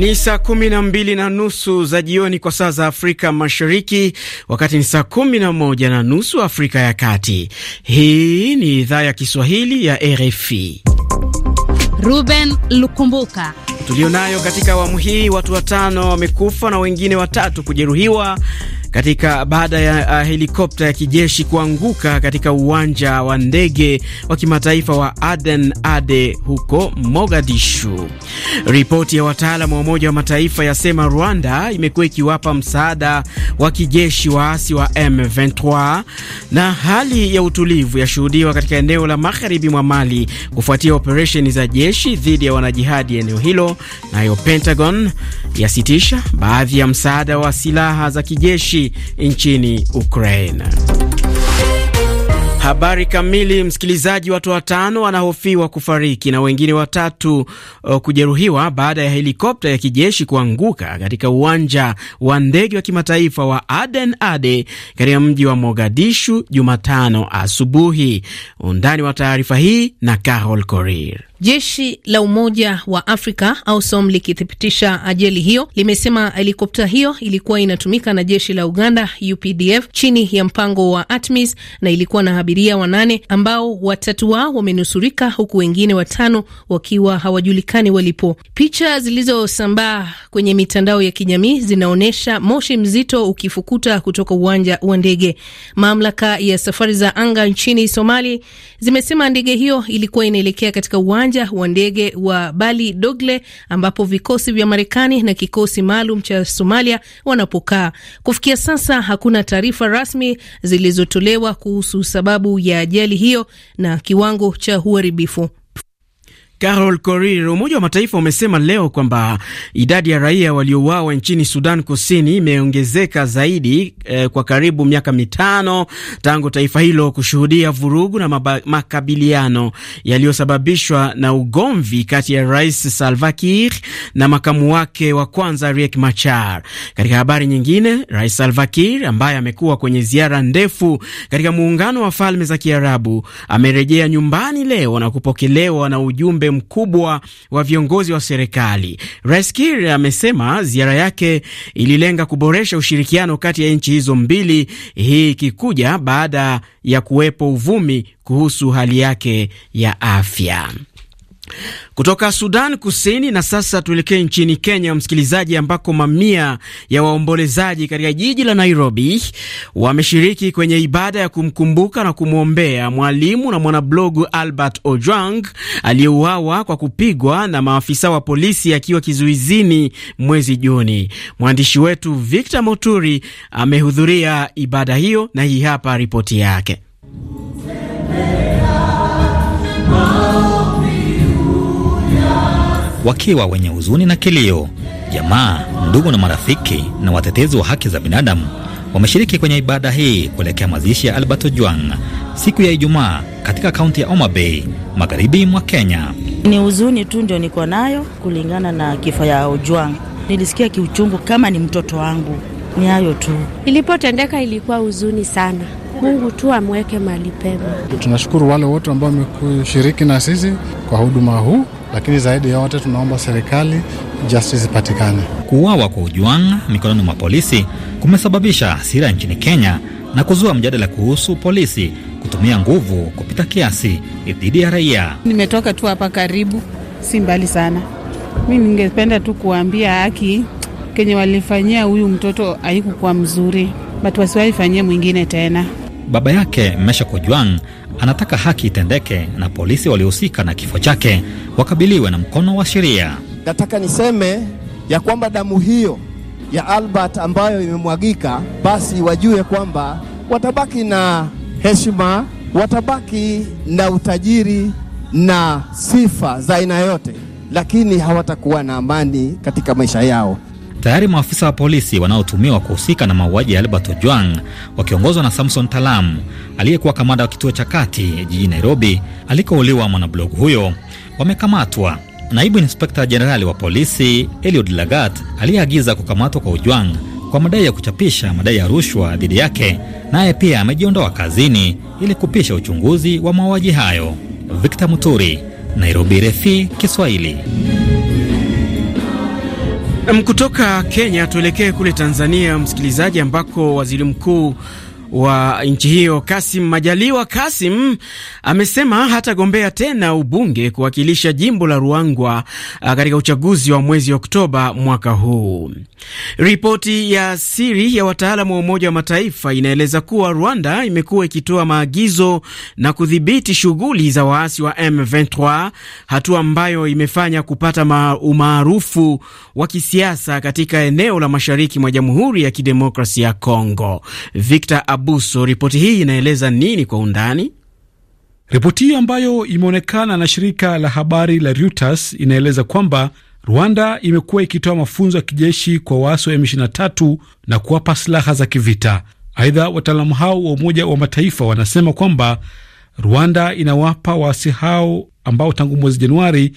Ni saa kumi na mbili na nusu za jioni kwa saa za Afrika Mashariki, wakati ni saa kumi na moja na nusu Afrika ya Kati. Hii ni idhaa ya Kiswahili ya RFI. Ruben Lukumbuka tulionayo katika awamu hii. Watu watano wamekufa na wengine watatu kujeruhiwa katika baada ya uh, helikopta ya kijeshi kuanguka katika uwanja wa ndege wa kimataifa wa Aden Ade huko Mogadishu. Ripoti ya wataalam wa Umoja wa Mataifa yasema Rwanda imekuwa ikiwapa msaada wa kijeshi waasi wa M23 na hali ya utulivu yashuhudiwa katika eneo la magharibi mwa Mali kufuatia operesheni za jeshi dhidi ya wanajihadi eneo hilo, nayo Pentagon yasitisha baadhi ya msaada wa silaha za kijeshi kijeshi nchini Ukraine. Habari kamili, msikilizaji. Watu watano wanahofiwa kufariki na wengine watatu uh, kujeruhiwa baada ya helikopta ya kijeshi kuanguka katika uwanja wa ndege wa kimataifa wa Aden Ade katika mji wa Mogadishu Jumatano asubuhi. Undani wa taarifa hii na Carol Korir. Jeshi la Umoja wa Afrika AUSOM likithibitisha ajali hiyo limesema helikopta hiyo ilikuwa inatumika na jeshi la Uganda UPDF chini ya mpango wa ATMIS na ilikuwa na abiria wanane ambao watatu wao wamenusurika huku wengine watano wakiwa hawajulikani walipo. Picha zilizosambaa kwenye mitandao ya kijamii zinaonyesha moshi mzito ukifukuta kutoka uwanja wa ndege. Mamlaka ya safari za anga nchini Somali zimesema ndege hiyo ilikuwa inaelekea katika uwanja uwanja wa ndege wa Bali Dogle ambapo vikosi vya Marekani na kikosi maalum cha Somalia wanapokaa. Kufikia sasa hakuna taarifa rasmi zilizotolewa kuhusu sababu ya ajali hiyo na kiwango cha uharibifu. Carol Korir. Umoja wa Mataifa umesema leo kwamba idadi ya raia waliouawa nchini Sudan Kusini imeongezeka zaidi eh, kwa karibu miaka mitano tangu taifa hilo kushuhudia vurugu na makabiliano yaliyosababishwa na ugomvi kati ya Rais Salva Kiir na makamu wake wa kwanza Riek Machar. Katika habari nyingine, Rais Salva Kiir ambaye amekuwa kwenye ziara ndefu katika muungano wa falme za Kiarabu amerejea nyumbani leo na kupokelewa na ujumbe upande mkubwa wa viongozi wa serikali. Rais Kiir amesema ziara yake ililenga kuboresha ushirikiano kati ya nchi hizo mbili, hii ikikuja baada ya kuwepo uvumi kuhusu hali yake ya afya kutoka Sudan Kusini. Na sasa tuelekee nchini Kenya, msikilizaji, ambako mamia ya waombolezaji katika jiji la Nairobi wameshiriki kwenye ibada ya kumkumbuka na kumwombea mwalimu na mwanablogu Albert Ojwang aliyeuawa kwa kupigwa na maafisa wa polisi akiwa kizuizini mwezi Juni. Mwandishi wetu Victor Moturi amehudhuria ibada hiyo na hii hapa ripoti yake. wakiwa wenye huzuni na kilio. Jamaa, ndugu na marafiki na watetezi wa haki za binadamu wameshiriki kwenye ibada hii kuelekea mazishi ya Alberto Ojwang siku ya Ijumaa katika kaunti ya Homa Bay, magharibi mwa Kenya. Ni huzuni tu ndio niko nayo kulingana na kifo ya Ojwang. Nilisikia kiuchungu kama ni mtoto wangu. Ni hayo tu. Ilipotendeka ilikuwa huzuni sana Mungu tu amweke mali pema. Tunashukuru wale wote ambao wamekushiriki na sisi kwa huduma huu, lakini zaidi ya wote tunaomba serikali justice ipatikane. Kuuawa kwa Ojwang mikononi mwa polisi kumesababisha hasira nchini Kenya na kuzua mjadala kuhusu polisi kutumia nguvu kupita kiasi dhidi ya raia. Nimetoka tu hapa karibu, si mbali sana. Mi ningependa tu kuambia haki kenye walifanyia huyu mtoto haikukuwa mzuri, but wasiwaifanyie mwingine tena baba yake mesha Ojwang anataka haki itendeke na polisi waliohusika na kifo chake wakabiliwe na mkono wa sheria. Nataka niseme ya kwamba damu hiyo ya Albert ambayo imemwagika, basi wajue kwamba watabaki na heshima, watabaki na utajiri na sifa za aina yote, lakini hawatakuwa na amani katika maisha yao. Tayari maafisa wa polisi wanaotumiwa kuhusika na mauaji ya Albert Ojwang wakiongozwa na Samson Talam aliyekuwa kamanda wa kituo cha kati jijini Nairobi alikouliwa mwanablogu huyo wamekamatwa. Naibu inspekta jenerali wa polisi Eliud Lagat aliyeagiza kukamatwa kwa Ojwang kwa madai ya kuchapisha madai ya rushwa dhidi yake, naye pia amejiondoa kazini ili kupisha uchunguzi wa mauaji hayo. Victor Muturi, Nairobi, RFI Kiswahili. Kutoka Kenya tuelekee kule Tanzania, msikilizaji, ambako waziri mkuu wa nchi hiyo Kasim Majaliwa Kasim amesema hatagombea tena ubunge kuwakilisha jimbo la Ruangwa uh, katika uchaguzi wa mwezi Oktoba mwaka huu. Ripoti ya siri ya wataalamu wa Umoja wa Mataifa inaeleza kuwa Rwanda imekuwa ikitoa maagizo na kudhibiti shughuli za waasi wa M23, hatua ambayo imefanya kupata umaarufu wa kisiasa katika eneo la mashariki mwa Jamhuri ya Kidemokrasia ya congo Victor Abuso, ripoti hii inaeleza nini kwa undani? Ripoti hii ambayo imeonekana na shirika la habari la Reuters inaeleza kwamba Rwanda imekuwa ikitoa mafunzo ya kijeshi kwa waasi wa M23 na kuwapa silaha za kivita. Aidha, wataalamu hao wa Umoja wa Mataifa wanasema kwamba Rwanda inawapa waasi hao ambao tangu mwezi Januari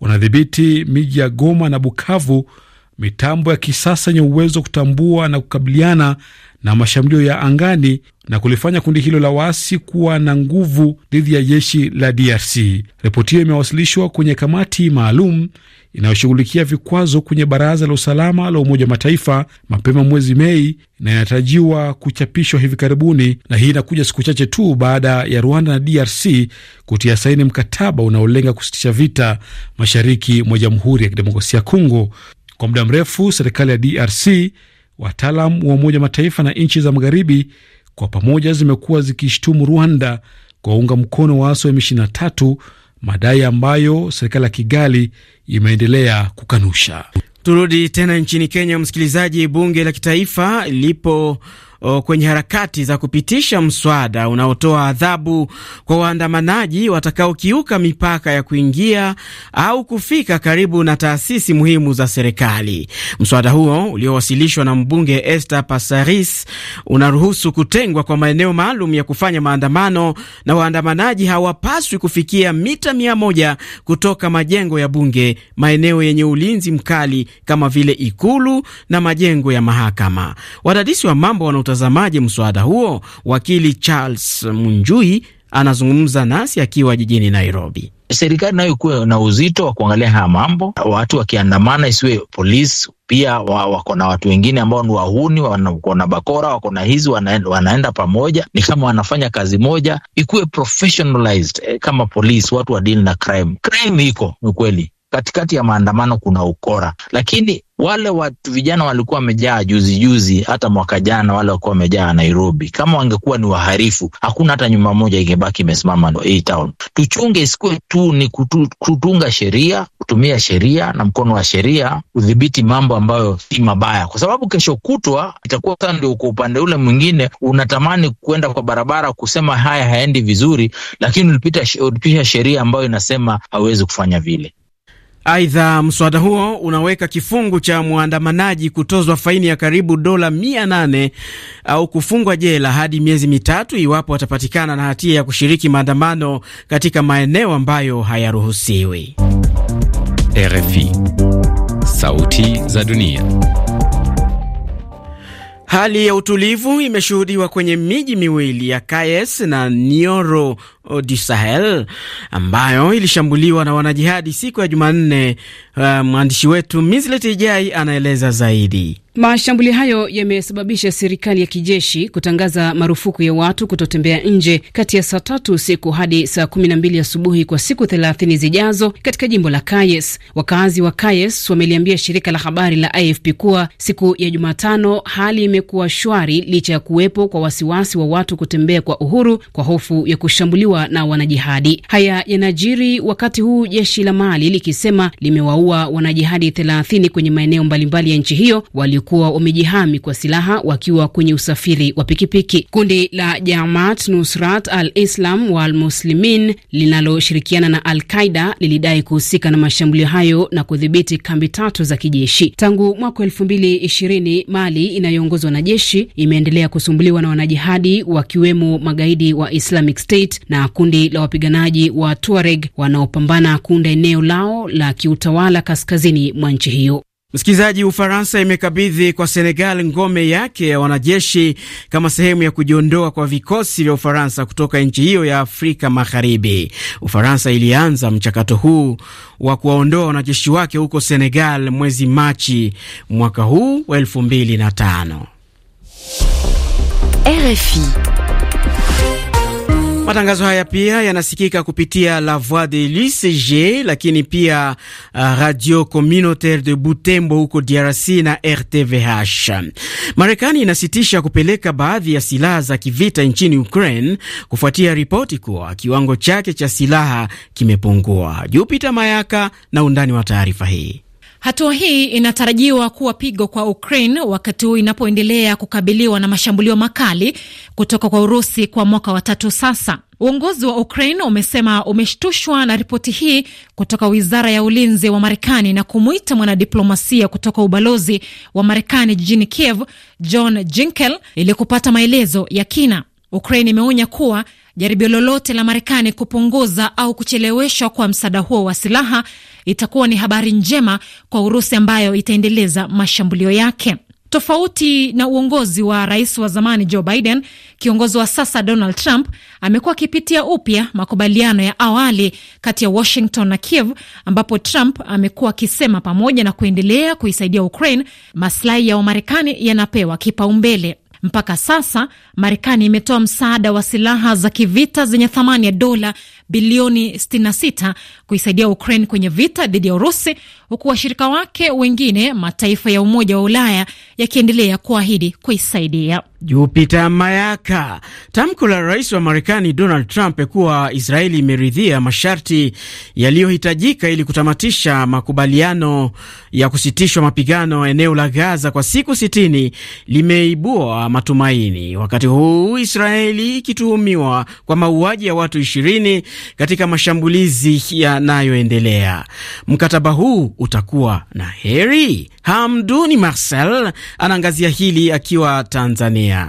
wanadhibiti miji ya Goma na Bukavu mitambo ya kisasa yenye uwezo wa kutambua na kukabiliana na mashambulio ya angani na kulifanya kundi hilo la waasi kuwa na nguvu dhidi ya jeshi la DRC. Ripoti hiyo imewasilishwa kwenye kamati maalum inayoshughulikia vikwazo kwenye Baraza la Usalama la Umoja wa Mataifa mapema mwezi Mei na inatarajiwa kuchapishwa hivi karibuni, na hii inakuja siku chache tu baada ya Rwanda na DRC kutia saini mkataba unaolenga kusitisha vita mashariki mwa Jamhuri ya Kidemokrasia ya Kongo. Kwa muda mrefu serikali ya DRC Wataalam wa Umoja Mataifa na nchi za magharibi kwa pamoja zimekuwa zikishtumu Rwanda kwa unga mkono waasi wa M23, madai ambayo serikali ya Kigali imeendelea kukanusha. Turudi tena nchini Kenya, msikilizaji. Bunge la kitaifa lipo o, kwenye harakati za kupitisha mswada unaotoa adhabu kwa waandamanaji watakaokiuka mipaka ya kuingia au kufika karibu na taasisi muhimu za serikali. Mswada huo uliowasilishwa na mbunge Esther Pasaris unaruhusu kutengwa kwa maeneo maalum ya kufanya maandamano na waandamanaji hawapaswi kufikia mita mia moja kutoka majengo ya bunge, maeneo yenye ulinzi mkali kama vile ikulu na majengo ya mahakama. Wadadisi wa mambo wana utazamaje mswada huo? Wakili Charles Munjui anazungumza nasi akiwa jijini Nairobi. Serikali nayo ikuwe na uzito wa kuangalia haya mambo, watu wakiandamana isiwe polisi pia wa, wako na watu wengine ambao ni wahuni, wako na bakora, wako na hizi wanaenda, wanaenda pamoja, ni kama wanafanya kazi moja. Ikuwe professionalized, eh, kama polisi, watu wadili na crime. Crime iko ni kweli, katikati ya maandamano kuna ukora, lakini wale watu vijana walikuwa wamejaa juzi juzi, hata mwaka jana, wale walikuwa wamejaa Nairobi. Kama wangekuwa ni waharifu, hakuna hata nyumba moja ingebaki imesimama hii town. Tuchunge isikuwe tu ni kutu, kutunga sheria, kutumia sheria na mkono wa sheria kudhibiti mambo ambayo si mabaya, kwa sababu kesho kutwa itakuwa sasa ndio uko upande ule mwingine, unatamani kwenda kwa barabara kusema haya haendi vizuri, lakini ulipita, ulipisha sheria ambayo inasema hauwezi kufanya vile. Aidha, mswada huo unaweka kifungu cha mwandamanaji kutozwa faini ya karibu dola mia nane au kufungwa jela hadi miezi mitatu iwapo watapatikana na hatia ya kushiriki maandamano katika maeneo ambayo hayaruhusiwi. RFI, Sauti za Dunia. Hali ya utulivu imeshuhudiwa kwenye miji miwili ya Kayes na Nioro du Sahel ambayo ilishambuliwa na wanajihadi siku ya Jumanne. Uh, mwandishi um, wetu Mislet Ijai anaeleza zaidi. mashambuli hayo yamesababisha serikali ya kijeshi kutangaza marufuku ya watu kutotembea nje kati ya saa tatu usiku hadi saa kumi na mbili asubuhi kwa siku thelathini zijazo katika jimbo la Kayes. Wakazi wa Kayes wameliambia shirika la habari la AFP kuwa siku ya Jumatano hali imekuwa shwari licha ya kuwepo kwa wasiwasi wa watu kutembea kwa uhuru kwa hofu ya kushambuliwa kuwa na wanajihadi. Haya yanajiri wakati huu jeshi la Mali likisema limewaua wanajihadi thelathini kwenye maeneo mbalimbali ya nchi hiyo waliokuwa wamejihami kwa silaha wakiwa kwenye usafiri wa pikipiki. Kundi la Jamaat Nusrat al-Islam wal Muslimin linaloshirikiana na Al-Qaida lilidai kuhusika na mashambulio hayo na kudhibiti kambi tatu za kijeshi tangu mwaka elfu mbili ishirini. Mali inayoongozwa na jeshi imeendelea kusumbuliwa na wanajihadi wakiwemo magaidi wa Islamic State na kundi la wapiganaji wa Tuareg wanaopambana kuunda eneo lao la kiutawala kaskazini mwa nchi hiyo. Msikilizaji, Ufaransa imekabidhi kwa Senegal ngome yake ya wanajeshi kama sehemu ya kujiondoa kwa vikosi vya Ufaransa kutoka nchi hiyo ya Afrika Magharibi. Ufaransa ilianza mchakato huu wa kuwaondoa wanajeshi wake huko Senegal mwezi Machi mwaka huu wa 25 RFI Matangazo haya pia yanasikika kupitia La Voix de l'UCG, lakini pia uh, Radio Communautaire de Butembo huko DRC na RTVH. Marekani inasitisha kupeleka baadhi ya silaha za kivita nchini Ukraine kufuatia ripoti kuwa kiwango chake cha silaha kimepungua. Jupiter Mayaka na undani wa taarifa hii. Hatua hii inatarajiwa kuwa pigo kwa Ukraine wakati huu inapoendelea kukabiliwa na mashambulio makali kutoka kwa Urusi kwa mwaka wa tatu sasa. Uongozi wa Ukraine umesema umeshtushwa na ripoti hii kutoka wizara ya ulinzi wa Marekani na kumwita mwanadiplomasia kutoka ubalozi wa Marekani jijini Kiev, John Jinkel, ili kupata maelezo ya kina. Ukraine imeonya kuwa Jaribio lolote la Marekani kupunguza au kucheleweshwa kwa msaada huo wa silaha itakuwa ni habari njema kwa Urusi ambayo itaendeleza mashambulio yake. Tofauti na uongozi wa rais wa zamani Joe Biden, kiongozi wa sasa Donald Trump amekuwa akipitia upya makubaliano ya awali kati ya Washington na Kiev, ambapo Trump amekuwa akisema pamoja na kuendelea kuisaidia Ukraine, maslahi ya Wamarekani yanapewa kipaumbele. Mpaka sasa Marekani imetoa msaada wa silaha za kivita zenye thamani ya dola bilioni 66 kuisaidia Ukraine kwenye vita dhidi ya Urusi, huku washirika wake wengine mataifa ya Umoja wa Ulaya yakiendelea kuahidi kuisaidia. jupita Mayaka. Tamko la rais wa Marekani Donald Trump kuwa Israeli imeridhia masharti yaliyohitajika ili kutamatisha makubaliano ya kusitishwa mapigano eneo la Gaza kwa siku sitini limeibua matumaini, wakati huu Israeli ikituhumiwa kwa mauaji ya watu ishirini katika mashambulizi yanayoendelea. Mkataba huu utakuwa na heri? Hamduni Marcel anaangazia hili akiwa Tanzania.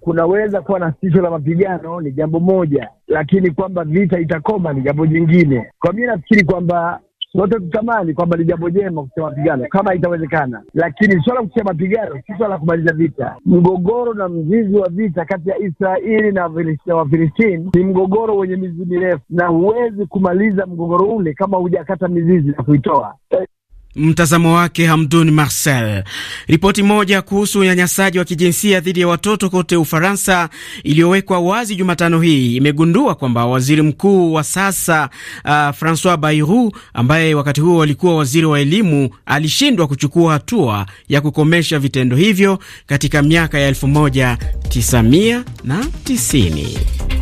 Kunaweza kuwa na sitisho la mapigano ni jambo moja, lakini kwamba vita itakoma ni jambo jingine. Kwa mimi nafikiri kwamba Sote tutamani kwamba ni jambo jema kusema mapigano kama itawezekana, lakini swala kusema mapigano si swala la kumaliza vita. Mgogoro na mzizi wa vita kati ya Israeli na Wafilistini ni mgogoro wenye mizizi mirefu, na huwezi kumaliza mgogoro ule kama hujakata mizizi na kuitoa mtazamo wake Hamdun Marcel. Ripoti moja kuhusu unyanyasaji wa kijinsia dhidi ya watoto kote Ufaransa iliyowekwa wazi Jumatano hii imegundua kwamba waziri mkuu wa sasa uh, Francois Bayrou ambaye wakati huo alikuwa waziri wa elimu alishindwa kuchukua hatua ya kukomesha vitendo hivyo katika miaka ya 1990.